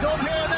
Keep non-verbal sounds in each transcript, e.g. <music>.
It's over here now.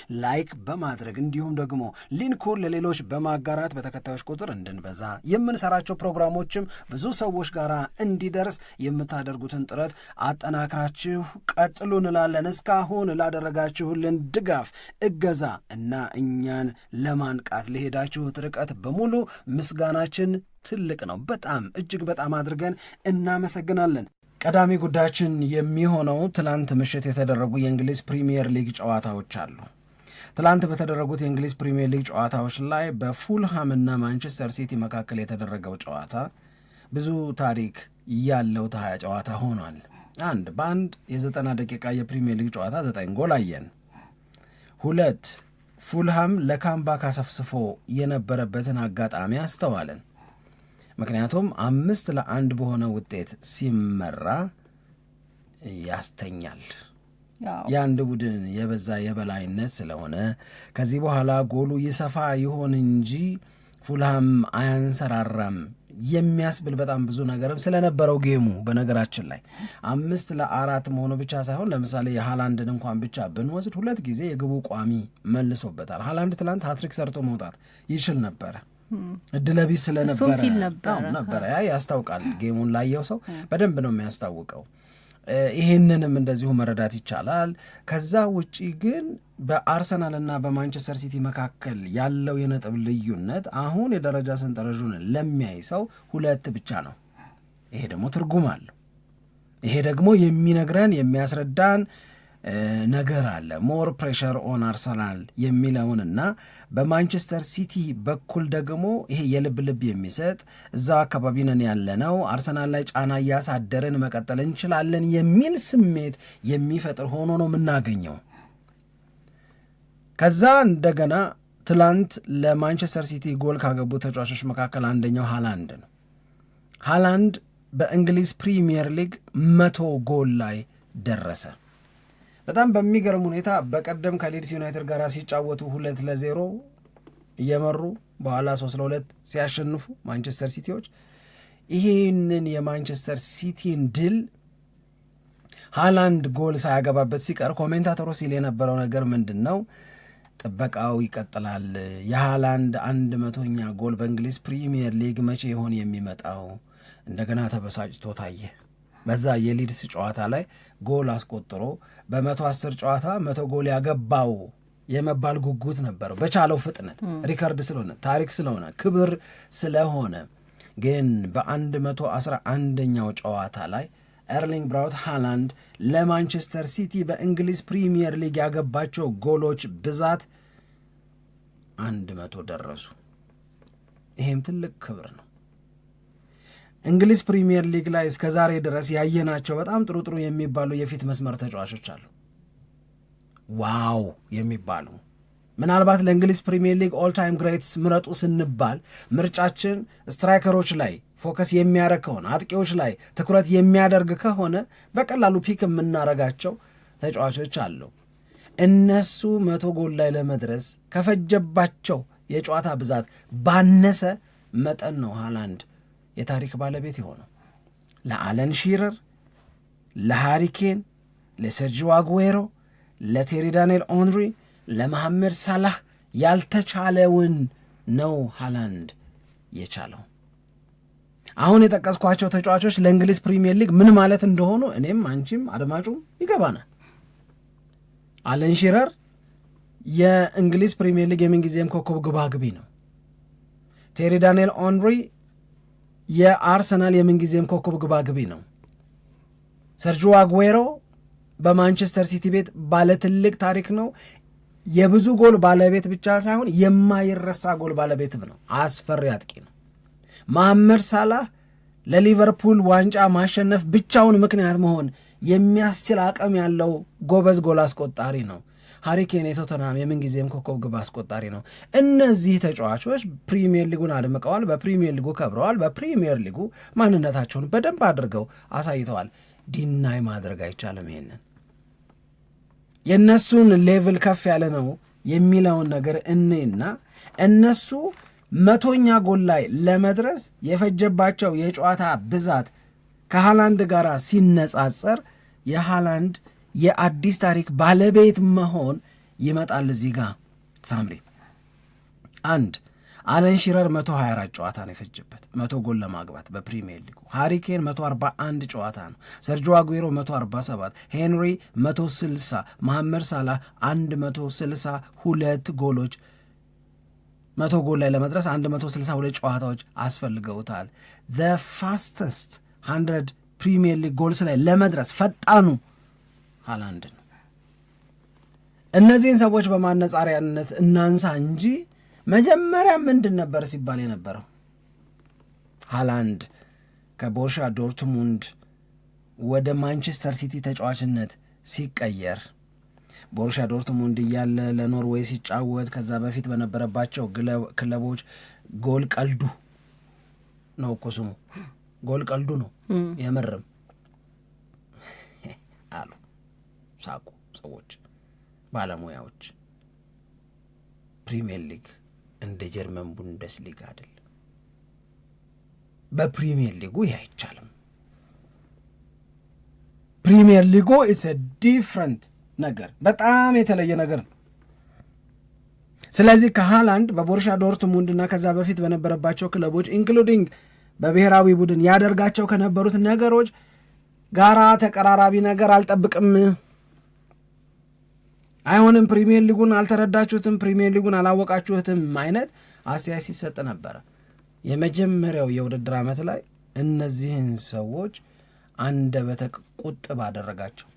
ላይክ በማድረግ እንዲሁም ደግሞ ሊንኩን ለሌሎች በማጋራት በተከታዮች ቁጥር እንድንበዛ የምንሰራቸው ፕሮግራሞችም ብዙ ሰዎች ጋር እንዲደርስ የምታደርጉትን ጥረት አጠናክራችሁ ቀጥሉ እንላለን። እስካሁን ላደረጋችሁልን ድጋፍ፣ እገዛ እና እኛን ለማንቃት ለሄዳችሁት ርቀት በሙሉ ምስጋናችን ትልቅ ነው። በጣም እጅግ በጣም አድርገን እናመሰግናለን። ቀዳሚ ጉዳያችን የሚሆነው ትላንት ምሽት የተደረጉ የእንግሊዝ ፕሪምየር ሊግ ጨዋታዎች አሉ። ትላንት በተደረጉት የእንግሊዝ ፕሪምየር ሊግ ጨዋታዎች ላይ በፉልሃምና ማንቸስተር ሲቲ መካከል የተደረገው ጨዋታ ብዙ ታሪክ ያለው ታያ ጨዋታ ሆኗል። አንድ በአንድ የዘጠና ደቂቃ የፕሪምየር ሊግ ጨዋታ ዘጠኝ ጎል አየን። ሁለት ፉልሃም ለካምባክ አሰፍስፎ የነበረበትን አጋጣሚ አስተዋልን። ምክንያቱም አምስት ለአንድ በሆነ ውጤት ሲመራ ያስተኛል። የአንድ ቡድን የበዛ የበላይነት ስለሆነ ከዚህ በኋላ ጎሉ ይሰፋ ይሆን እንጂ ፉልሃም አያንሰራራም የሚያስብል በጣም ብዙ ነገርም ስለነበረው ጌሙ በነገራችን ላይ አምስት ለአራት መሆኑ ብቻ ሳይሆን ለምሳሌ የሃላንድን እንኳን ብቻ ብንወስድ ሁለት ጊዜ የግቡ ቋሚ መልሶበታል። ሃላንድ ትላንት ሀትሪክ ሰርቶ መውጣት ይችል ነበረ እድለቢስ ስለነበረ ነበረ ያ ያስታውቃል። ጌሙን ላየው ሰው በደንብ ነው የሚያስታውቀው። ይሄንንም እንደዚሁ መረዳት ይቻላል። ከዛ ውጪ ግን በአርሰናል እና በማንቸስተር ሲቲ መካከል ያለው የነጥብ ልዩነት አሁን የደረጃ ሰንጠረዡን ለሚያይ ሰው ሁለት ብቻ ነው። ይሄ ደግሞ ትርጉም አለው። ይሄ ደግሞ የሚነግረን የሚያስረዳን ነገር አለ። ሞር ፕሬሸር ኦን አርሰናል የሚለውንና በማንቸስተር ሲቲ በኩል ደግሞ ይሄ የልብ ልብ የሚሰጥ እዛ አካባቢ ነን ያለነው አርሰናል ላይ ጫና እያሳደርን መቀጠል እንችላለን የሚል ስሜት የሚፈጥር ሆኖ ነው የምናገኘው። ከዛ እንደገና ትላንት ለማንቸስተር ሲቲ ጎል ካገቡ ተጫዋቾች መካከል አንደኛው ሃላንድ ነው። ሃላንድ በእንግሊዝ ፕሪሚየር ሊግ መቶ ጎል ላይ ደረሰ። በጣም በሚገርም ሁኔታ በቀደም ከሊድስ ዩናይትድ ጋር ሲጫወቱ ሁለት ለዜሮ እየመሩ በኋላ ሶስት ለሁለት ሲያሸንፉ ማንቸስተር ሲቲዎች ይህንን የማንቸስተር ሲቲን ድል ሃላንድ ጎል ሳያገባበት ሲቀር ኮሜንታተሮ ሲል የነበረው ነገር ምንድን ነው? ጥበቃው ይቀጥላል። የሃላንድ አንድ መቶኛ ጎል በእንግሊዝ ፕሪሚየር ሊግ መቼ ይሆን የሚመጣው? እንደገና ተበሳጭቶ ታየ። በዛ የሊድስ ጨዋታ ላይ ጎል አስቆጥሮ በመቶ አስር ጨዋታ መቶ ጎል ያገባው የመባል ጉጉት ነበረው። በቻለው ፍጥነት ሪከርድ ስለሆነ ታሪክ ስለሆነ ክብር ስለሆነ ግን በአንድ መቶ አስራ አንደኛው ጨዋታ ላይ ኤርሊንግ ብራውት ሃላንድ ለማንቸስተር ሲቲ በእንግሊዝ ፕሪሚየር ሊግ ያገባቸው ጎሎች ብዛት አንድ መቶ ደረሱ። ይሄም ትልቅ ክብር ነው። እንግሊዝ ፕሪምየር ሊግ ላይ እስከ ዛሬ ድረስ ያየናቸው በጣም ጥሩ ጥሩ የሚባሉ የፊት መስመር ተጫዋቾች አሉ። ዋው የሚባሉ ምናልባት ለእንግሊዝ ፕሪምየር ሊግ ኦል ታይም ግሬትስ ምረጡ ስንባል ምርጫችን ስትራይከሮች ላይ ፎከስ የሚያደርግ ከሆነ አጥቂዎች ላይ ትኩረት የሚያደርግ ከሆነ በቀላሉ ፒክ የምናረጋቸው ተጫዋቾች አሉ። እነሱ መቶ ጎል ላይ ለመድረስ ከፈጀባቸው የጨዋታ ብዛት ባነሰ መጠን ነው ሃላንድ የታሪክ ባለቤት የሆነው ለአለን ሺረር፣ ለሃሪኬን፣ ለሰርጂዮ አጉዌሮ፣ ለቴሪ ዳንኤል ኦንሪ፣ ለመሐመድ ሳላህ ያልተቻለውን ነው ሃላንድ የቻለው። አሁን የጠቀስኳቸው ተጫዋቾች ለእንግሊዝ ፕሪምየር ሊግ ምን ማለት እንደሆኑ እኔም አንቺም አድማጩ ይገባናል። አለን ሺረር የእንግሊዝ ፕሪምየር ሊግ የምንጊዜም ኮከብ ግባግቢ ነው። ቴሪ ዳንኤል ኦንሪ የአርሰናል የምንጊዜም ኮከብ ግባግቢ ነው። ሰርጂ አጉዌሮ በማንቸስተር ሲቲ ቤት ባለ ትልቅ ታሪክ ነው። የብዙ ጎል ባለቤት ብቻ ሳይሆን የማይረሳ ጎል ባለቤትም ነው። አስፈሪ አጥቂ ነው። መሐመድ ሳላህ ለሊቨርፑል ዋንጫ ማሸነፍ ብቻውን ምክንያት መሆን የሚያስችል አቅም ያለው ጎበዝ ጎል አስቆጣሪ ነው። ሀሪኬን የቶተናም የምንጊዜም ኮከብ ግብ አስቆጣሪ ነው። እነዚህ ተጫዋቾች ፕሪሚየር ሊጉን አድምቀዋል፣ በፕሪሚየር ሊጉ ከብረዋል፣ በፕሪሚየር ሊጉ ማንነታቸውን በደንብ አድርገው አሳይተዋል። ዲናይ ማድረግ አይቻልም። ይሄንን የእነሱን ሌቭል ከፍ ያለ ነው የሚለውን ነገር እኔና እነሱ መቶኛ ጎል ላይ ለመድረስ የፈጀባቸው የጨዋታ ብዛት ከሃላንድ ጋር ሲነጻጸር የሃላንድ የአዲስ ታሪክ ባለቤት መሆን ይመጣል። እዚህ ጋ ሳምሪ አንድ አለን ሺረር 124 ጨዋታ ነው የፈጀበት መቶ ጎል ለማግባት በፕሪሚየር ሊጉ። ሃሪኬን 141 ጨዋታ ነው። ሰርጆ አጉሮ 147፣ ሄንሪ 160፣ መሐመድ ሳላ 162 ጎሎች መቶ ጎል ላይ ለመድረስ 162 ጨዋታዎች አስፈልገውታል። ዘ ፋስተስት 100 ፕሪሚየር ሊግ ጎልስ ላይ ለመድረስ ፈጣኑ ሃላንድ ነው። እነዚህን ሰዎች በማነጻሪያነት እናንሳ እንጂ መጀመሪያ ምንድን ነበር ሲባል የነበረው ሃላንድ ከቦርሻ ዶርትሙንድ ወደ ማንቸስተር ሲቲ ተጫዋችነት ሲቀየር ቦርሻ ዶርትሙንድ እያለ ለኖርዌይ ሲጫወት ከዛ በፊት በነበረባቸው ክለቦች ጎል ቀልዱ ነው እኮ ስሙ፣ ጎል ቀልዱ ነው የምርም ሳቁ ሰዎች፣ ባለሙያዎች። ፕሪሚየር ሊግ እንደ ጀርመን ቡንደስ ሊግ አይደለም። በፕሪሚየር ሊጉ ይህ አይቻልም። ፕሪሚየር ሊጉ ኢትስ ዲፍረንት ነገር፣ በጣም የተለየ ነገር ነው። ስለዚህ ከሃላንድ በቦርሻ ዶርትሙንድ እና ከዛ በፊት በነበረባቸው ክለቦች ኢንክሉዲንግ በብሔራዊ ቡድን ያደርጋቸው ከነበሩት ነገሮች ጋራ ተቀራራቢ ነገር አልጠብቅም። አይሆንም፣ ፕሪሚየር ሊጉን አልተረዳችሁትም፣ ፕሪሚየር ሊጉን አላወቃችሁትም አይነት አስተያየት ሲሰጥ ነበረ። የመጀመሪያው የውድድር ዓመት ላይ እነዚህን ሰዎች አንደበተ ቁጥብ አደረጋቸው።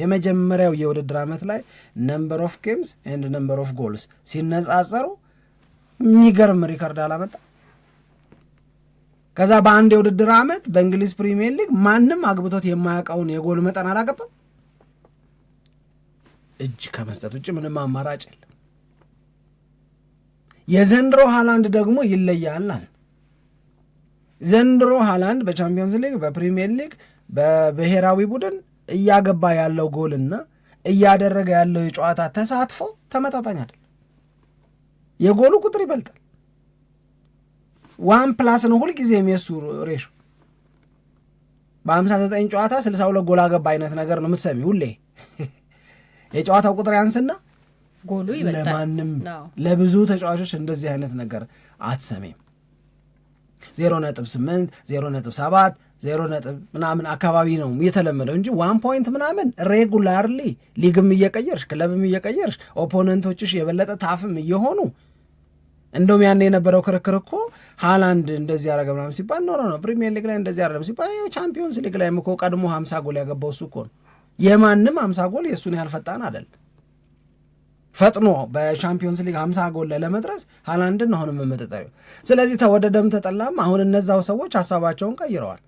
የመጀመሪያው የውድድር ዓመት ላይ ነምበር ኦፍ ጌምስ ኤንድ ነምበር ኦፍ ጎልስ ሲነጻጸሩ የሚገርም ሪከርድ አላመጣ። ከዛ በአንድ የውድድር ዓመት በእንግሊዝ ፕሪሚየር ሊግ ማንም አግብቶት የማያውቀውን የጎል መጠን አላገባም። እጅ ከመስጠት ውጭ ምንም አማራጭ የለም። የዘንድሮ ሃላንድ ደግሞ ይለያል። ዘንድሮ ሃላንድ በቻምፒዮንስ ሊግ፣ በፕሪሚየር ሊግ፣ በብሔራዊ ቡድን እያገባ ያለው ጎልና እያደረገ ያለው የጨዋታ ተሳትፎ ተመጣጣኝ አይደለም። የጎሉ ቁጥር ይበልጣል። ዋን ፕላስ ነው ሁልጊዜ የሚሱ ሬሽ በ በ59 ጨዋታ 62 ጎል አገባ አይነት ነገር ነው የምትሰሚ ሁሌ የጨዋታው ቁጥር ያንስና ጎሉ ይበልጣል። ለማንም ለብዙ ተጫዋቾች እንደዚህ አይነት ነገር አትሰሜም ዜሮ ነጥብ ስምንት ዜሮ ነጥብ ሰባት ዜሮ ነጥብ ምናምን አካባቢ ነው የተለመደው እንጂ ዋን ፖይንት ምናምን ሬጉላርሊ ሊግም እየቀየርሽ ክለብም እየቀየርሽ ኦፖነንቶችሽ የበለጠ ታፍም እየሆኑ እንደውም ያን የነበረው ክርክር እኮ ሃላንድ እንደዚህ ያደረገ ምናምን ሲባል ኖሮ ነው ፕሪሚየር ሊግ ላይ እንደዚህ ያደረገ ሲባል ቻምፒዮንስ ሊግ ላይ እኮ ቀድሞ ሀምሳ ጎል ያገባው እሱ እኮ ነው። የማንም አምሳ ጎል የእሱን ያህል ፈጣን አይደል። ፈጥኖ በሻምፒዮንስ ሊግ ሀምሳ ጎል ለመድረስ ሃላንድን አሁንም የምትጠሪው። ስለዚህ ተወደደም ተጠላም አሁን እነዛው ሰዎች ሀሳባቸውን ቀይረዋል።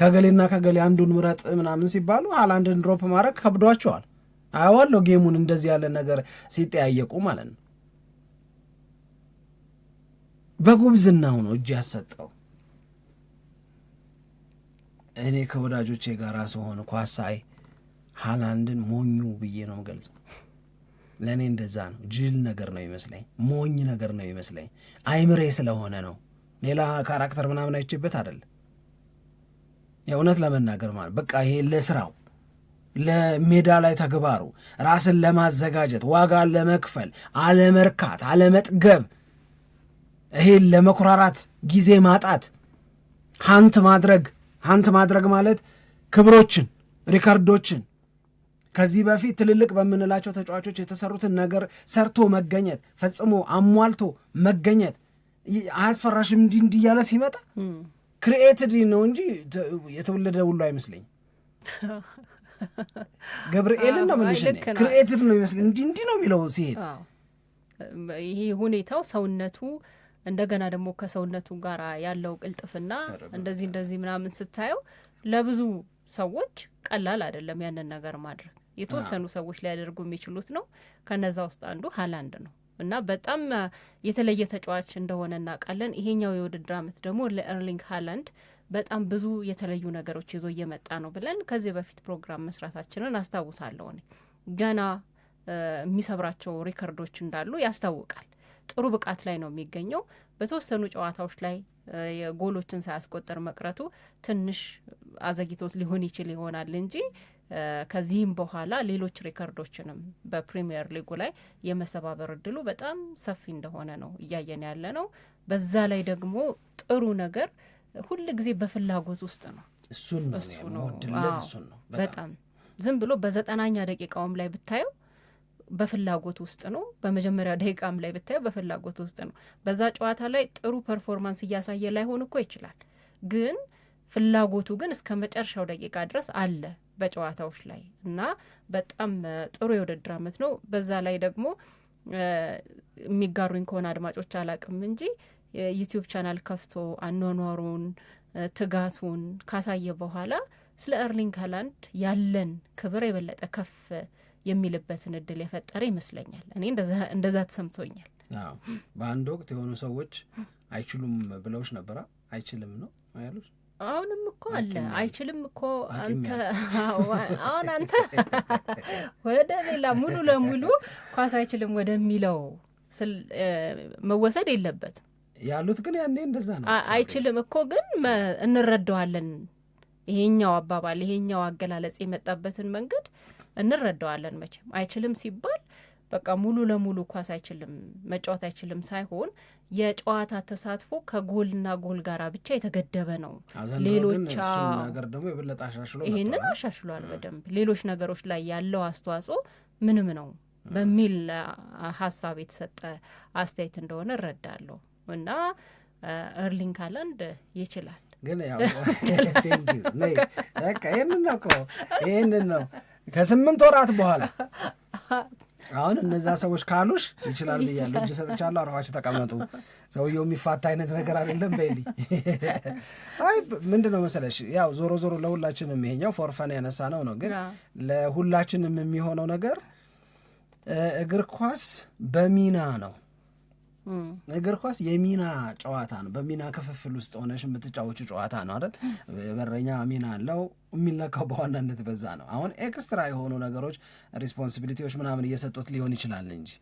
ከገሌና ከገሌ አንዱን ምረጥ ምናምን ሲባሉ ሃላንድን ድሮፕ ማድረግ ከብዷቸዋል። አዋለው ጌሙን እንደዚህ ያለ ነገር ሲጠያየቁ ማለት ነው። በጉብዝናው ነው እጅ ያሰጠው። እኔ ከወዳጆቼ ጋር ስሆን ኳስ ሃላንድን ሞኙ ብዬ ነው የምገልጸው። ለእኔ እንደዛ ነው። ጅል ነገር ነው ይመስለኝ፣ ሞኝ ነገር ነው ይመስለኝ። አይምሬ ስለሆነ ነው። ሌላ ካራክተር ምናምን አይቼበት አይደለም። የእውነት ለመናገር ማለት በቃ ይሄ ለስራው ለሜዳ ላይ ተግባሩ ራስን ለማዘጋጀት ዋጋ ለመክፈል አለመርካት፣ አለመጥገብ፣ ይሄን ለመኩራራት ጊዜ ማጣት፣ ሀንት ማድረግ ሀንት ማድረግ ማለት ክብሮችን ሪከርዶችን ከዚህ በፊት ትልልቅ በምንላቸው ተጫዋቾች የተሰሩትን ነገር ሰርቶ መገኘት ፈጽሞ አሟልቶ መገኘት አያስፈራሽም እንጂ እንዲህ እያለ ሲመጣ ክሪኤትድ ነው እንጂ የተወለደ ሁሉ አይመስለኝ። ገብርኤልን ነው ምንሽ ክሪኤትድ ነው ይመስለኝ እንዲህ እንዲህ ነው የሚለው ሲሄድ ይሄ ሁኔታው ሰውነቱ እንደገና ደግሞ ከሰውነቱ ጋር ያለው ቅልጥፍና እንደዚህ እንደዚህ ምናምን ስታየው ለብዙ ሰዎች ቀላል አይደለም ያንን ነገር ማድረግ። የተወሰኑ ሰዎች ሊያደርጉ የሚችሉት ነው። ከነዛ ውስጥ አንዱ ሀላንድ ነው እና በጣም የተለየ ተጫዋች እንደሆነ እናውቃለን። ይሄኛው የውድድር አመት ደግሞ ለኤርሊንግ ሀላንድ በጣም ብዙ የተለዩ ነገሮች ይዞ እየመጣ ነው ብለን ከዚህ በፊት ፕሮግራም መስራታችንን አስታውሳለሁ። እኔ ገና የሚሰብራቸው ሪከርዶች እንዳሉ ያስታውቃል። ጥሩ ብቃት ላይ ነው የሚገኘው። በተወሰኑ ጨዋታዎች ላይ የጎሎችን ሳያስቆጠር መቅረቱ ትንሽ አዘግይቶት ሊሆን ይችል ይሆናል እንጂ ከዚህም በኋላ ሌሎች ሪከርዶችንም በፕሪሚየር ሊጉ ላይ የመሰባበር እድሉ በጣም ሰፊ እንደሆነ ነው እያየን ያለ ነው። በዛ ላይ ደግሞ ጥሩ ነገር ሁል ጊዜ በፍላጎት ውስጥ ነው። እሱን ነው በጣም ዝም ብሎ በዘጠናኛ ደቂቃውም ላይ ብታየው በፍላጎት ውስጥ ነው። በመጀመሪያ ደቂቃም ላይ ብታየው በፍላጎት ውስጥ ነው። በዛ ጨዋታ ላይ ጥሩ ፐርፎርማንስ እያሳየ ላይሆን እኮ ይችላል፣ ግን ፍላጎቱ ግን እስከ መጨረሻው ደቂቃ ድረስ አለ። በጨዋታዎች ላይ እና በጣም ጥሩ የውድድር አመት ነው። በዛ ላይ ደግሞ የሚጋሩኝ ከሆነ አድማጮች አላቅም እንጂ ዩቲዩብ ቻናል ከፍቶ አኗኗሩን ትጋቱን ካሳየ በኋላ ስለ ኤርሊንግ ሀላንድ ያለን ክብር የበለጠ ከፍ የሚልበትን እድል የፈጠረ ይመስለኛል። እኔ እንደዛ ተሰምቶኛል። በአንድ ወቅት የሆኑ ሰዎች አይችሉም ብለውች ነበራ። አይችልም ነው ያሉት አሁንም እኮ አለ አይችልም እኮ አንተ <laughs> አሁን አንተ <laughs> ወደ ሌላ ሙሉ ለሙሉ ኳስ አይችልም ወደሚለው መወሰድ የለበትም ያሉት ግን ያኔ እንደዛ ነው። አይችልም እኮ ግን እንረዳዋለን። ይሄኛው አባባል ይሄኛው አገላለጽ የመጣበትን መንገድ እንረዳዋለን። መቼም አይችልም ሲባል በቃ ሙሉ ለሙሉ ኳስ አይችልም መጫወት አይችልም ሳይሆን የጨዋታ ተሳትፎ ከጎልና ጎል ጋራ ብቻ የተገደበ ነው። ሌሎች ይህንን አሻሽሏል በደንብ ሌሎች ነገሮች ላይ ያለው አስተዋጽኦ ምንም ነው በሚል ሀሳብ የተሰጠ አስተያየት እንደሆነ እረዳለሁ እና እርሊንግ ሃላንድ ይችላል ግን ያው <laughs> ይህንን ነው ከስምንት ወራት በኋላ <laughs> አሁን እነዛ ሰዎች ካሉሽ ይችላል ብያለሁ፣ እጅ ሰጥቻለሁ፣ አርፋችሁ ተቀመጡ። ሰውየው የሚፋታ አይነት ነገር አይደለም። በል አይ ምንድን ነው መሰለሽ፣ ያው ዞሮ ዞሮ ለሁላችንም ይሄኛው ፎርፈን ያነሳ ነው ነው፣ ግን ለሁላችንም የሚሆነው ነገር እግር ኳስ በሚና ነው እግር ኳስ የሚና ጨዋታ ነው። በሚና ክፍፍል ውስጥ ሆነሽ የምትጫወቹ ጨዋታ ነው አይደል? በረኛ ሚና አለው። የሚለካው በዋናነት በዛ ነው። አሁን ኤክስትራ የሆኑ ነገሮች ሪስፖንሲቢሊቲዎች ምናምን እየሰጡት ሊሆን ይችላል እንጂ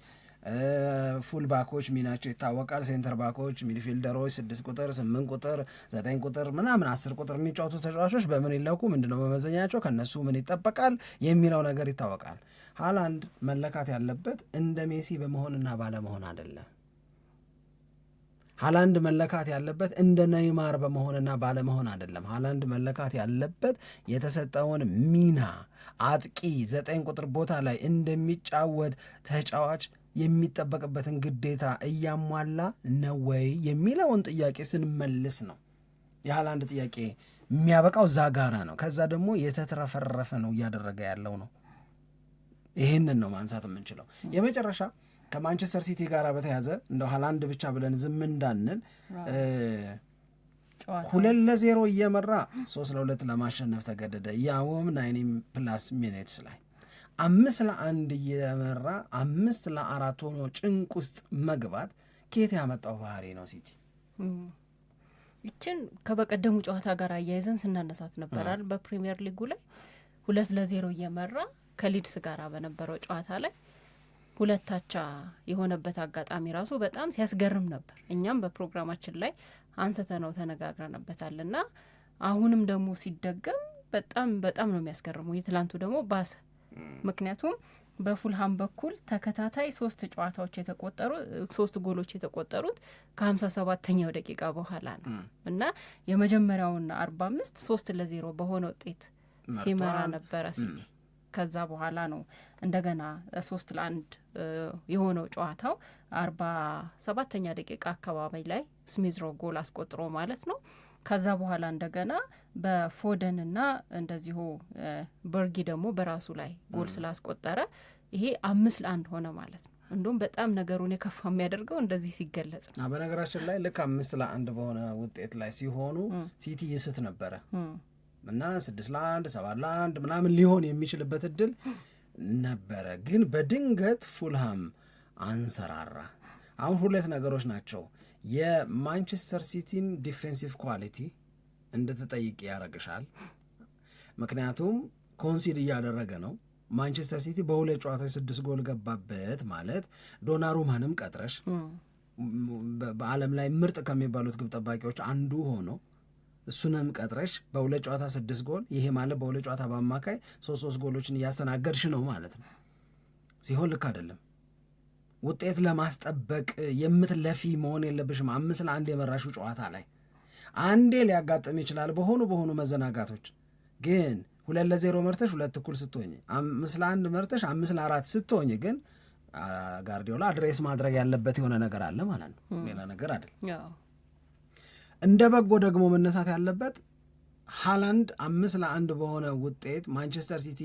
ፉል ባኮች ሚናቸው ይታወቃል። ሴንተር ባኮች፣ ሚድፊልደሮች፣ ስድስት ቁጥር፣ ስምንት ቁጥር፣ ዘጠኝ ቁጥር ምናምን አስር ቁጥር የሚጫወቱ ተጫዋቾች በምን ይለኩ፣ ምንድነው መመዘኛቸው፣ ከነሱ ምን ይጠበቃል የሚለው ነገር ይታወቃል። ሃላንድ መለካት ያለበት እንደ ሜሲ በመሆንና ባለመሆን አይደለም። ሃላንድ መለካት ያለበት እንደ ነይማር በመሆንና ባለመሆን አይደለም። ሃላንድ መለካት ያለበት የተሰጠውን ሚና አጥቂ ዘጠኝ ቁጥር ቦታ ላይ እንደሚጫወት ተጫዋች የሚጠበቅበትን ግዴታ እያሟላ ነው ወይ የሚለውን ጥያቄ ስንመልስ ነው የሃላንድ ጥያቄ የሚያበቃው እዛ ጋራ ነው። ከዛ ደግሞ የተትረፈረፈ ነው እያደረገ ያለው ነው። ይህንን ነው ማንሳት የምንችለው የመጨረሻ ከማንቸስተር ሲቲ ጋር በተያዘ እንደ ሀላንድ ብቻ ብለን ዝም እንዳንል ሁለት ለዜሮ እየመራ ሶስት ለሁለት ለማሸነፍ ተገደደ። ያውም ናይኒም ፕላስ ሚኒትስ ላይ አምስት ለአንድ እየመራ አምስት ለአራት ሆኖ ጭንቅ ውስጥ መግባት ከየት ያመጣው ባህሪ ነው? ሲቲ ይችን ከበቀደሙ ጨዋታ ጋር አያይዘን ስናነሳት ነበራል። በፕሪሚየር ሊጉ ላይ ሁለት ለዜሮ እየመራ ከሊድስ ጋር በነበረው ጨዋታ ላይ ሁለታቻ የሆነበት አጋጣሚ ራሱ በጣም ሲያስገርም ነበር። እኛም በፕሮግራማችን ላይ አንስተ ነው ተነጋግረንበታል እና አሁንም ደግሞ ሲደገም በጣም በጣም ነው የሚያስገርመው። የትላንቱ ደግሞ ባሰ። ምክንያቱም በፉልሃም በኩል ተከታታይ ሶስት ጨዋታዎች የተቆጠሩ ሶስት ጎሎች የተቆጠሩት ከሀምሳ ሰባተኛው ደቂቃ በኋላ ነው እና የመጀመሪያውና አርባ አምስት ሶስት ለዜሮ በሆነ ውጤት ሲመራ ነበረ ሲቲ ከዛ በኋላ ነው እንደገና ሶስት ለአንድ የሆነው ጨዋታው አርባ ሰባተኛ ደቂቃ አካባቢ ላይ ስሚዝሮ ጎል አስቆጥሮ ማለት ነው። ከዛ በኋላ እንደገና በፎደንና እንደዚሁ በርጊ ደግሞ በራሱ ላይ ጎል ስላስቆጠረ ይሄ አምስት ለአንድ ሆነ ማለት ነው። እንዲሁም በጣም ነገሩን የከፋ የሚያደርገው እንደዚህ ሲገለጽ ነው። በነገራችን ላይ ልክ አምስት ለአንድ በሆነ ውጤት ላይ ሲሆኑ ሲቲ ይስት ነበረ እና ስድስት ለአንድ ሰባት ለአንድ ምናምን ሊሆን የሚችልበት እድል ነበረ። ግን በድንገት ፉልሃም አንሰራራ። አሁን ሁለት ነገሮች ናቸው የማንቸስተር ሲቲን ዲፌንሲቭ ኳሊቲ እንድትጠይቅ ያደርግሻል። ምክንያቱም ኮንሲድ እያደረገ ነው። ማንቸስተር ሲቲ በሁለት ጨዋታዎች ስድስት ጎል ገባበት ማለት ዶናሩማንም ቀጥረሽ በዓለም ላይ ምርጥ ከሚባሉት ግብ ጠባቂዎች አንዱ ሆኖ እሱንም ቀጥረሽ በሁለት ጨዋታ ስድስት ጎል ይሄ ማለት በሁለት ጨዋታ በአማካይ ሶስት ሶስት ጎሎችን እያስተናገድሽ ነው ማለት ነው ሲሆን ልክ አይደለም። ውጤት ለማስጠበቅ የምትለፊ መሆን የለብሽም። አምስት ለአንድ የመራሹ ጨዋታ ላይ አንዴ ሊያጋጥም ይችላል በሆኑ በሆኑ መዘናጋቶች ግን ሁለት ለዜሮ መርተሽ ሁለት እኩል ስትሆኝ፣ አምስት ለአንድ መርተሽ አምስት ለአራት ስትሆኝ ግን ጋርዲዮላ አድሬስ ማድረግ ያለበት የሆነ ነገር አለ ማለት ነው። ሌላ ነገር አይደለም። እንደ በጎ ደግሞ መነሳት ያለበት ሃላንድ አምስት ለአንድ በሆነ ውጤት ማንቸስተር ሲቲ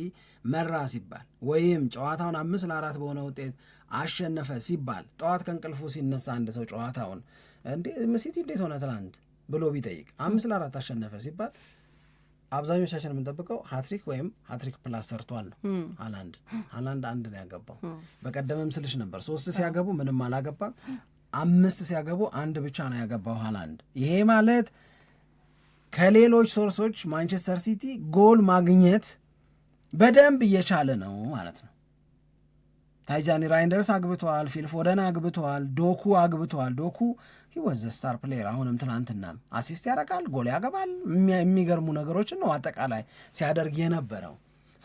መራ ሲባል ወይም ጨዋታውን አምስት ለአራት በሆነ ውጤት አሸነፈ ሲባል ጠዋት ከእንቅልፉ ሲነሳ አንድ ሰው ጨዋታውን ሲቲ እንዴት ሆነ ትናንት ብሎ ቢጠይቅ አምስት ለአራት አሸነፈ ሲባል አብዛኞቻችን የምንጠብቀው ሀትሪክ ወይም ሀትሪክ ፕላስ ሰርቷል ነው። ሃላንድ ሃላንድ አንድ ነው ያገባው። በቀደመም ስልሽ ነበር ሶስት ሲያገቡ ምንም አላገባም አምስት ሲያገቡ አንድ ብቻ ነው ያገባው ሃላንድ። ይሄ ማለት ከሌሎች ሶርሶች ማንቸስተር ሲቲ ጎል ማግኘት በደንብ እየቻለ ነው ማለት ነው። ታይጃኒ ራይንደርስ አግብተዋል፣ ፊልፎደን አግብተዋል፣ ዶኩ አግብተዋል። ዶኩ ወዘ ስታር ፕሌየር አሁንም ትናንትና አሲስት ያደርጋል፣ ጎል ያገባል። የሚገርሙ ነገሮችን ነው አጠቃላይ ሲያደርግ የነበረው።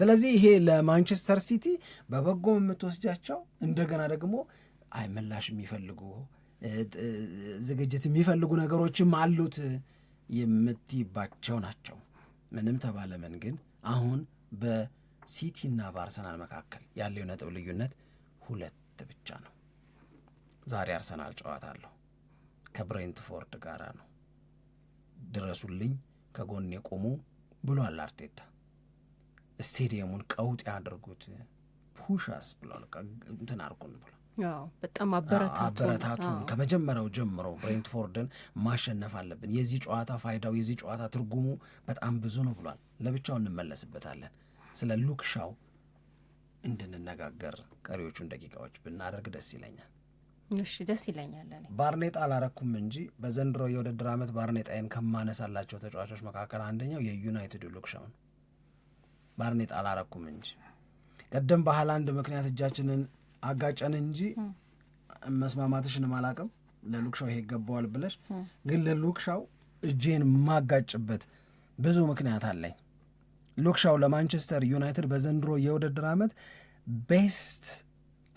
ስለዚህ ይሄ ለማንቸስተር ሲቲ በበጎ የምትወስጃቸው እንደገና ደግሞ አይ ምላሽ የሚፈልጉ ዝግጅት የሚፈልጉ ነገሮችም አሉት የምትይባቸው ናቸው። ምንም ተባለ ምን ግን አሁን በሲቲና በአርሰናል መካከል ያለው የነጥብ ልዩነት ሁለት ብቻ ነው። ዛሬ አርሰናል ጨዋታ አለው ከብሬንትፎርድ ጋር ነው። ድረሱልኝ፣ ከጎኔ ቁሙ ብሏል አርቴታ። ስቴዲየሙን ቀውጤ አድርጉት፣ ፑሻስ ብሏል፣ እንትን አርጉን ብሏል። በጣም አበረታቱ። ከመጀመሪያው ጀምሮ ብሬንትፎርድን ማሸነፍ አለብን። የዚህ ጨዋታ ፋይዳው የዚህ ጨዋታ ትርጉሙ በጣም ብዙ ነው ብሏል። ለብቻው እንመለስበታለን። ስለ ሉክሻው እንድንነጋገር ቀሪዎቹን ደቂቃዎች ብናደርግ ደስ ይለኛል። እሺ ደስ ይለኛል። ባርኔጣ አላረኩም እንጂ በዘንድሮ የውድድር ዓመት ባርኔጣዬን ከማነሳላቸው ተጫዋቾች መካከል አንደኛው የዩናይትድ ሉክሻው ነው። ባርኔጣ አላረኩም እንጂ ቀደም በሃላንድ ምክንያት እጃችንን አጋጨን እንጂ መስማማትሽን አላቅም ለሉክሻው ይሄ ይገባዋል ብለሽ ግን ለሉክሻው እጄን ማጋጭበት ብዙ ምክንያት አለኝ። ሉክሻው ለማንቸስተር ዩናይትድ በዘንድሮ የውድድር ዓመት ቤስት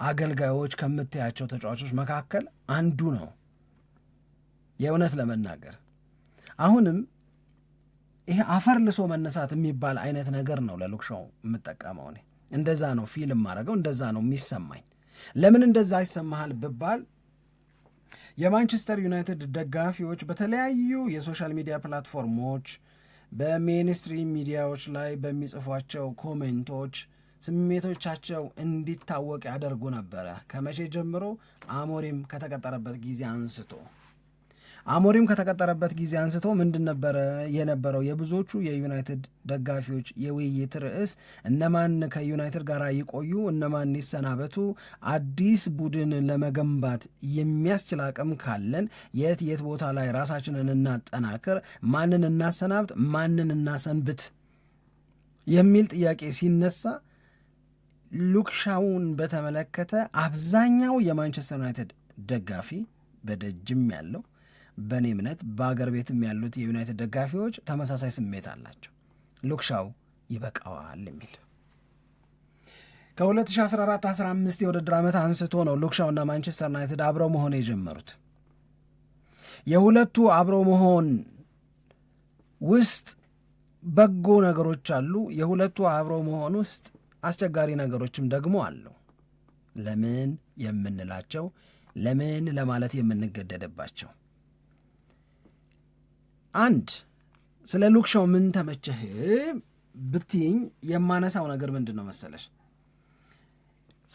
አገልጋዮች ከምታያቸው ተጫዋቾች መካከል አንዱ ነው። የእውነት ለመናገር አሁንም ይሄ አፈር ልሶ መነሳት የሚባል አይነት ነገር ነው ለሉክሻው የምጠቀመው እኔ። እንደዛ ነው ፊልም ማድረገው፣ እንደዛ ነው የሚሰማኝ ለምን እንደዛ ይሰማሃል ብባል የማንቸስተር ዩናይትድ ደጋፊዎች በተለያዩ የሶሻል ሚዲያ ፕላትፎርሞች በሜንስትሪም ሚዲያዎች ላይ በሚጽፏቸው ኮሜንቶች ስሜቶቻቸው እንዲታወቅ ያደርጉ ነበረ። ከመቼ ጀምሮ አሞሪም ከተቀጠረበት ጊዜ አንስቶ አሞሪም ከተቀጠረበት ጊዜ አንስቶ ምንድን ነበረ የነበረው የብዙዎቹ የዩናይትድ ደጋፊዎች የውይይት ርዕስ? እነማን ከዩናይትድ ጋር ይቆዩ፣ እነማን ይሰናበቱ፣ አዲስ ቡድን ለመገንባት የሚያስችል አቅም ካለን የት የት ቦታ ላይ ራሳችንን እናጠናክር፣ ማንን እናሰናብት፣ ማንን እናሰንብት የሚል ጥያቄ ሲነሳ ሉክሻውን በተመለከተ አብዛኛው የማንቸስተር ዩናይትድ ደጋፊ በደጅም ያለው በእኔ እምነት በአገር ቤትም ያሉት የዩናይትድ ደጋፊዎች ተመሳሳይ ስሜት አላቸው። ሉክሻው ይበቃዋል የሚል ከ2014/15 የውድድር ዓመት አንስቶ ነው ሉክሻውና ማንቸስተር ዩናይትድ አብረው መሆን የጀመሩት። የሁለቱ አብረው መሆን ውስጥ በጎ ነገሮች አሉ። የሁለቱ አብረው መሆን ውስጥ አስቸጋሪ ነገሮችም ደግሞ አሉ። ለምን የምንላቸው ለምን ለማለት የምንገደድባቸው አንድ ስለ ሉክሻው ምን ተመቸህ ብትይኝ የማነሳው ነገር ምንድን ነው መሰለሽ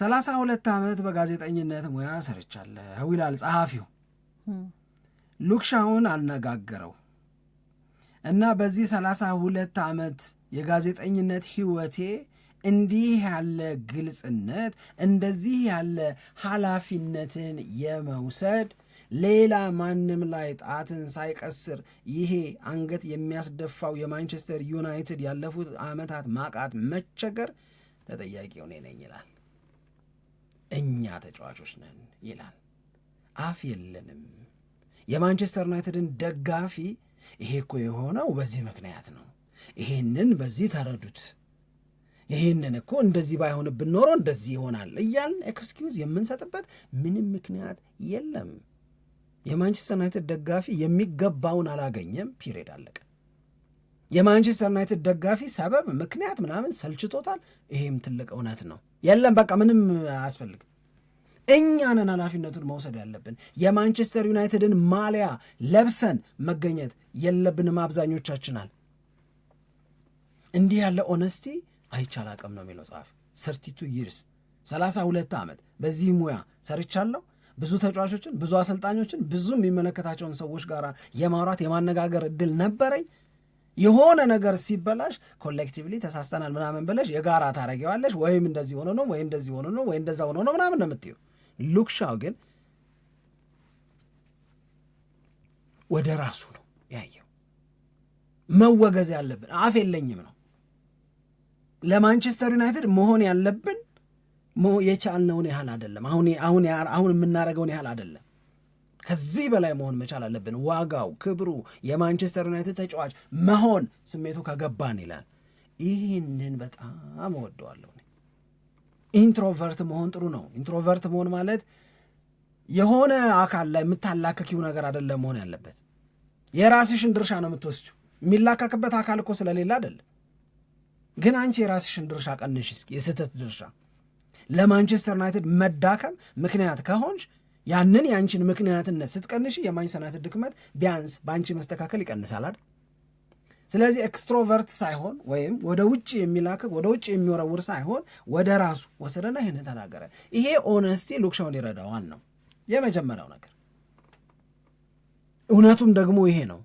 ሰላሳ ሁለት ዓመት በጋዜጠኝነት ሙያ ሰርቻለሁ ይላል ጸሐፊው። ሉክሻውን አነጋገረው እና በዚህ ሰላሳ ሁለት ዓመት የጋዜጠኝነት ህይወቴ እንዲህ ያለ ግልጽነት እንደዚህ ያለ ኃላፊነትን የመውሰድ ሌላ ማንም ላይ ጣትን ሳይቀስር ይሄ አንገት የሚያስደፋው የማንቸስተር ዩናይትድ ያለፉት ዓመታት ማቃት መቸገር ተጠያቂው እኔ ነኝ ይላል። እኛ ተጫዋቾች ነን ይላል። አፍ የለንም። የማንቸስተር ዩናይትድን ደጋፊ ይሄ እኮ የሆነው በዚህ ምክንያት ነው፣ ይሄንን በዚህ ተረዱት፣ ይሄንን እኮ እንደዚህ ባይሆንብን ኖሮ እንደዚህ ይሆናል እያልን ኤክስኪውዝ የምንሰጥበት ምንም ምክንያት የለም። የማንቸስተር ዩናይትድ ደጋፊ የሚገባውን አላገኘም። ፒሪድ አለቀ። የማንቸስተር ዩናይትድ ደጋፊ ሰበብ፣ ምክንያት ምናምን ሰልችቶታል። ይሄም ትልቅ እውነት ነው። የለም በቃ ምንም አያስፈልግም። እኛንን ኃላፊነቱን መውሰድ ያለብን የማንቸስተር ዩናይትድን ማሊያ ለብሰን መገኘት የለብንም። አብዛኞቻችናል እንዲህ ያለ ኦነስቲ አይቻል አቅም ነው የሚለው ጸሐፊ። ሰርቲቱ ይርስ 32 ዓመት በዚህ ሙያ ሰርቻለሁ ብዙ ተጫዋቾችን፣ ብዙ አሰልጣኞችን፣ ብዙ የሚመለከታቸውን ሰዎች ጋር የማውራት የማነጋገር እድል ነበረኝ። የሆነ ነገር ሲበላሽ ኮሌክቲቭሊ ተሳስተናል ምናምን ብለሽ የጋራ ታረጊዋለሽ። ወይም እንደዚህ ሆኖ ነው ወይም እንደዚህ ሆኖ ነው ወይ እንደዛ ሆኖ ነው ምናምን ነው የምትይው። ሉክሻው ግን ወደ ራሱ ነው ያየው። መወገዝ ያለብን አፍ የለኝም ነው ለማንቸስተር ዩናይትድ መሆን ያለብን የቻልነውን ያህል አይደለም። አሁን አሁን አሁን የምናደርገውን ያህል አይደለም። ከዚህ በላይ መሆን መቻል አለብን። ዋጋው ክብሩ የማንቸስተር ዩናይትድ ተጫዋች መሆን ስሜቱ ከገባን ይላል። ይህንን በጣም እወደዋለሁ። ኢንትሮቨርት መሆን ጥሩ ነው። ኢንትሮቨርት መሆን ማለት የሆነ አካል ላይ የምታላከኪው ነገር አይደለም መሆን ያለበት። የራስሽን ድርሻ ነው የምትወስጁ። የሚላከክበት አካል እኮ ስለሌለ አደለም። ግን አንቺ የራስሽን ድርሻ ቀንሽ እስኪ፣ የስህተት ድርሻ ለማንቸስተር ዩናይትድ መዳከም ምክንያት ከሆንሽ ያንን የአንቺን ምክንያትነት ስትቀንሽ የማንቸስተር ዩናይትድ ድክመት ቢያንስ በአንቺ መስተካከል ይቀንሳል ስለዚህ ኤክስትሮቨርት ሳይሆን ወይም ወደ ውጭ የሚላክቅ ወደ ውጭ የሚወረውር ሳይሆን ወደ ራሱ ወሰደና ይህን ተናገረ። ይሄ ኦነስቲ ሉክሻውን ሊረዳዋን ነው የመጀመሪያው ነገር። እውነቱም ደግሞ ይሄ ነው።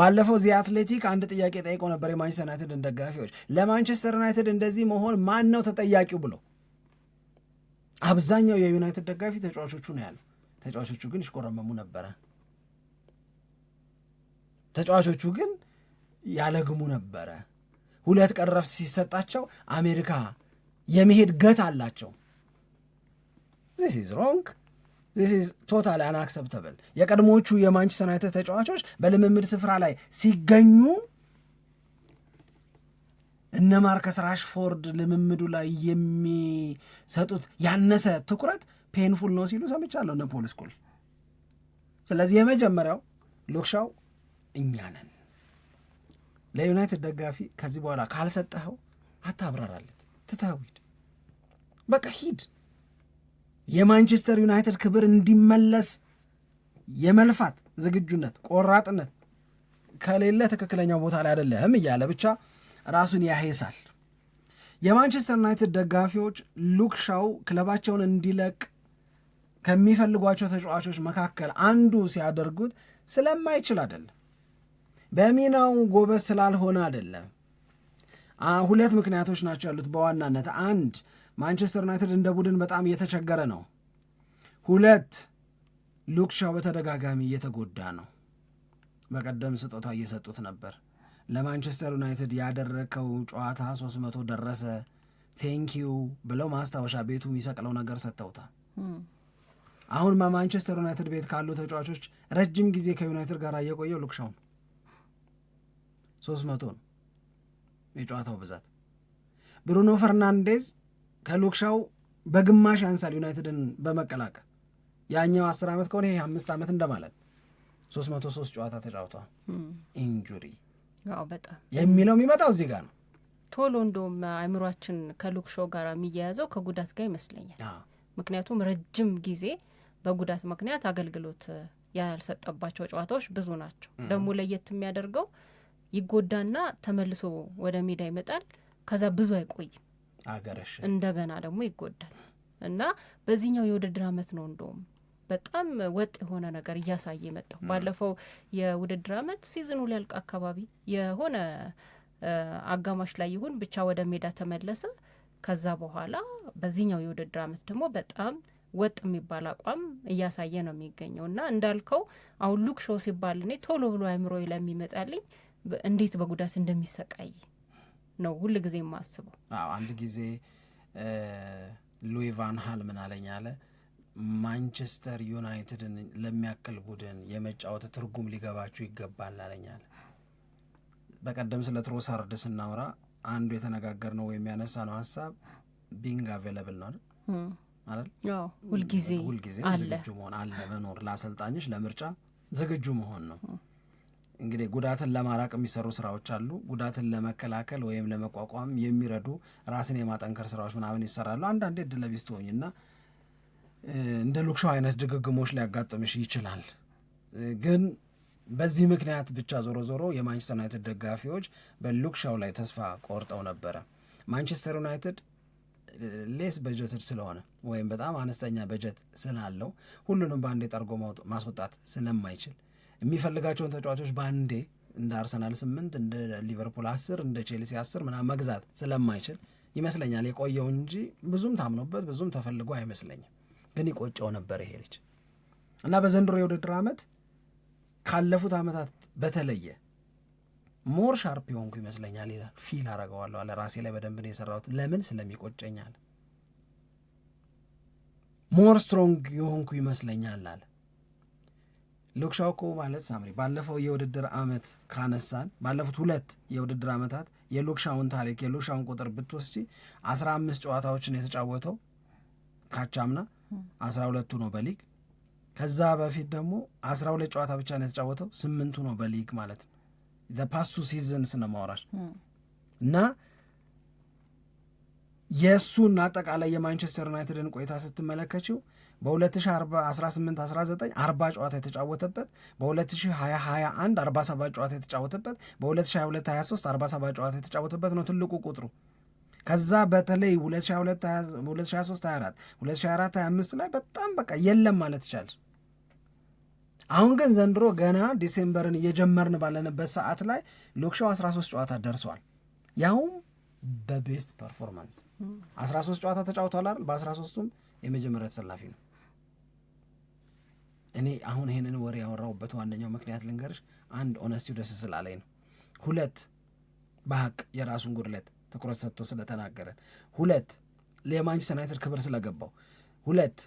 ባለፈው ዚ አትሌቲክ አንድ ጥያቄ ጠይቆ ነበር የማንቸስተር ዩናይትድን ደጋፊዎች ለማንቸስተር ዩናይትድ እንደዚህ መሆን ማን ነው ተጠያቂው ብሎ አብዛኛው የዩናይትድ ደጋፊ ተጫዋቾቹ ነው ያሉ። ተጫዋቾቹ ግን ይሽቆረመሙ ነበረ። ተጫዋቾቹ ግን ያለግሙ ነበረ። ሁለት ቀን ረፍት ሲሰጣቸው አሜሪካ የመሄድ ገት አላቸው። ዚስ ኢዝ ሮንግ ዚስ ኢዝ ቶታል አን አክሰፕተብል። የቀድሞዎቹ የማንቸስተር ዩናይትድ ተጫዋቾች በልምምድ ስፍራ ላይ ሲገኙ እነ ማርከስ ራሽፎርድ ልምምዱ ላይ የሚሰጡት ያነሰ ትኩረት ፔንፉል ነው ሲሉ ሰምቻለሁ እነ ፖል ስኮልስ። ስለዚህ የመጀመሪያው ሉክሻው እኛ ነን። ለዩናይትድ ደጋፊ ከዚህ በኋላ ካልሰጠኸው አታብራራለት፣ ትተኸው ሂድ፣ በቃ ሂድ። የማንቸስተር ዩናይትድ ክብር እንዲመለስ የመልፋት ዝግጁነት፣ ቆራጥነት ከሌለ ትክክለኛው ቦታ ላይ አይደለህም እያለ ብቻ ራሱን ያሄሳል። የማንቸስተር ዩናይትድ ደጋፊዎች ሉክ ሻው ክለባቸውን እንዲለቅ ከሚፈልጓቸው ተጫዋቾች መካከል አንዱ ሲያደርጉት ስለማይችል አይደለም፣ በሚናው ጎበዝ ስላልሆነ አይደለም። ሁለት ምክንያቶች ናቸው ያሉት በዋናነት አንድ፣ ማንቸስተር ዩናይትድ እንደ ቡድን በጣም እየተቸገረ ነው። ሁለት፣ ሉክ ሻው በተደጋጋሚ እየተጎዳ ነው። በቀደም ስጦታ እየሰጡት ነበር። ለማንቸስተር ዩናይትድ ያደረከው ጨዋታ 300 ደረሰ ቴንኪዩ ብለው ማስታወሻ ቤቱ የሚሰቅለው ነገር ሰጥተውታል። አሁን ማንቸስተር ዩናይትድ ቤት ካሉ ተጫዋቾች ረጅም ጊዜ ከዩናይትድ ጋር እየቆየው ነው። ሶስት መቶ ነው የጨዋታው ብዛት። ብሩኖ ፈርናንዴዝ ከሉክሻው በግማሽ ያንሳል ዩናይትድን በመቀላቀል ያኛው አስር ዓመት ከሆነ ይሄ አምስት ዓመት እንደማለት ሶስት መቶ ሶስት ጨዋታ ተጫውተዋል ኢንጁሪ በጣም የሚለው የሚመጣው እዚህ ጋር ነው። ቶሎ እንደውም አእምሯችን ከሉክ ሾው ጋር የሚያያዘው ከጉዳት ጋር ይመስለኛል። ምክንያቱም ረጅም ጊዜ በጉዳት ምክንያት አገልግሎት ያልሰጠባቸው ጨዋታዎች ብዙ ናቸው። ደግሞ ለየት የሚያደርገው ይጎዳና ተመልሶ ወደ ሜዳ ይመጣል። ከዛ ብዙ አይቆይም፣ አገረሽ እንደገና ደግሞ ይጎዳል እና በዚህኛው የውድድር አመት ነው እንደውም በጣም ወጥ የሆነ ነገር እያሳየ የመጣው ባለፈው የውድድር አመት ሲዝኑ ሊያልቅ አካባቢ የሆነ አጋማሽ ላይ ይሁን ብቻ ወደ ሜዳ ተመለሰ። ከዛ በኋላ በዚህኛው የውድድር አመት ደግሞ በጣም ወጥ የሚባል አቋም እያሳየ ነው የሚገኘው እና እንዳልከው አሁን ሉክ ሾው ሲባል እኔ ቶሎ ብሎ አይምሮ ለሚመጣልኝ እንዴት በጉዳት እንደሚሰቃይ ነው ሁል ጊዜ የማስበው። አንድ ጊዜ ሉዊ ቫን ምን አለኝ አለ ማንቸስተር ዩናይትድን ለሚያክል ቡድን የመጫወት ትርጉም ሊገባችሁ ይገባል አለኛል። በቀደም ስለ ትሮሳርድ ስናወራ አንዱ የተነጋገር ነው ወይም ያነሳ ነው ሀሳብ ቢንግ አቬለብል ነው አይደል? ሁልጊዜ ሁልጊዜ ዝግጁ መሆን አለ መኖር ለአሰልጣኞች ለምርጫ ዝግጁ መሆን ነው። እንግዲህ ጉዳትን ለማራቅ የሚሰሩ ስራዎች አሉ። ጉዳትን ለመከላከል ወይም ለመቋቋም የሚረዱ ራስን የማጠንከር ስራዎች ምናምን ይሰራሉ። አንዳንዴ እድለቢስ ትሆኝና እንደ ሉክሻው አይነት ድግግሞች ሊያጋጥምሽ ይችላል። ግን በዚህ ምክንያት ብቻ ዞሮ ዞሮ የማንቸስተር ዩናይትድ ደጋፊዎች በሉክሻው ላይ ተስፋ ቆርጠው ነበረ። ማንቸስተር ዩናይትድ ሌስ በጀትድ ስለሆነ ወይም በጣም አነስተኛ በጀት ስላለው ሁሉንም በአንዴ ጠርጎ ማስወጣት ስለማይችል የሚፈልጋቸውን ተጫዋቾች በአንዴ እንደ አርሰናል ስምንት እንደ ሊቨርፑል አስር እንደ ቼልሲ አስር ምናምን መግዛት ስለማይችል ይመስለኛል የቆየው እንጂ ብዙም ታምኖበት ብዙም ተፈልጎ አይመስለኝም። ግን ይቆጨው ነበር ይሄ ልጅ እና በዘንድሮ የውድድር ዓመት ካለፉት ዓመታት በተለየ ሞር ሻርፕ የሆንኩ ይመስለኛል ይላል። ፊል አረገዋለሁ አለ ራሴ ላይ በደንብ ነው የሰራሁት። ለምን ስለሚቆጨኛል። ሞር ስትሮንግ የሆንኩ ይመስለኛል አለ ሉክሻው እኮ ማለት ሳምሪ ባለፈው የውድድር ዓመት ካነሳን ባለፉት ሁለት የውድድር ዓመታት የሉክሻውን ታሪክ የሉክሻውን ቁጥር ብትወስጂ አስራ አምስት ጨዋታዎችን የተጫወተው ካቻምና አስራ ሁለቱ ነው በሊግ ከዛ በፊት ደግሞ አስራ ሁለት ጨዋታ ብቻ ነው የተጫወተው፣ ስምንቱ ነው በሊግ ማለት ነው። ፓስቱ ሲዝን ስነማውራሽ እና የእሱን አጠቃላይ የማንቸስተር ዩናይትድን ቆይታ ስትመለከችው በ2018 19 40 ጨዋታ የተጫወተበት በ2021 47 ጨዋታ የተጫወተበት በ2022 23 47 ጨዋታ የተጫወተበት ነው ትልቁ ቁጥሩ። ከዛ በተለይ 2023/24 ላይ በጣም በቃ የለም ማለት ይቻል። አሁን ግን ዘንድሮ ገና ዲሴምበርን እየጀመርን ባለንበት ሰዓት ላይ ሉክሾው 13 ጨዋታ ደርሷል። ያውም በቤስት ፐርፎርማንስ 13 ጨዋታ ተጫውቷል በ13ቱም የመጀመሪያ ተሰላፊ ነው። እኔ አሁን ይህንን ወሬ ያወራሁበት ዋነኛው ምክንያት ልንገርሽ፣ አንድ ኦነስቲው ደስ ስላለኝ ነው። ሁለት በሀቅ የራሱን ጉድለት ትኩረት ሰጥቶ ስለተናገረን፣ ሁለት ለማንቸስተር ዩናይትድ ክብር ስለገባው፣ ሁለት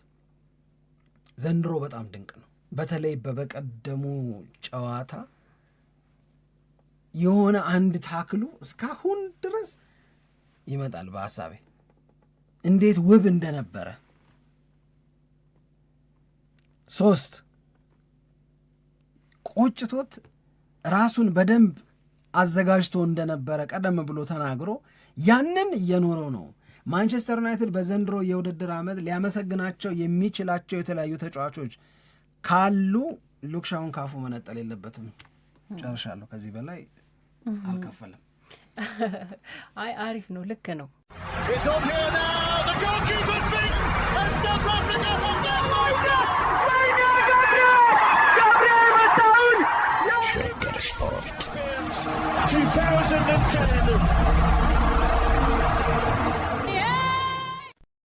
ዘንድሮ በጣም ድንቅ ነው። በተለይ በበቀደሙ ጨዋታ የሆነ አንድ ታክሉ እስካሁን ድረስ ይመጣል በሀሳቤ እንዴት ውብ እንደነበረ። ሶስት ቆጭቶት ራሱን በደንብ አዘጋጅቶ እንደነበረ ቀደም ብሎ ተናግሮ ያንን እየኖረው ነው። ማንቸስተር ዩናይትድ በዘንድሮ የውድድር ዓመት ሊያመሰግናቸው የሚችላቸው የተለያዩ ተጫዋቾች ካሉ ሉክሻውን ካፉ መነጠል የለበትም። ጨርሻለሁ። ከዚህ በላይ አልከፈልም። አይ አሪፍ ነው። ልክ ነው። 2010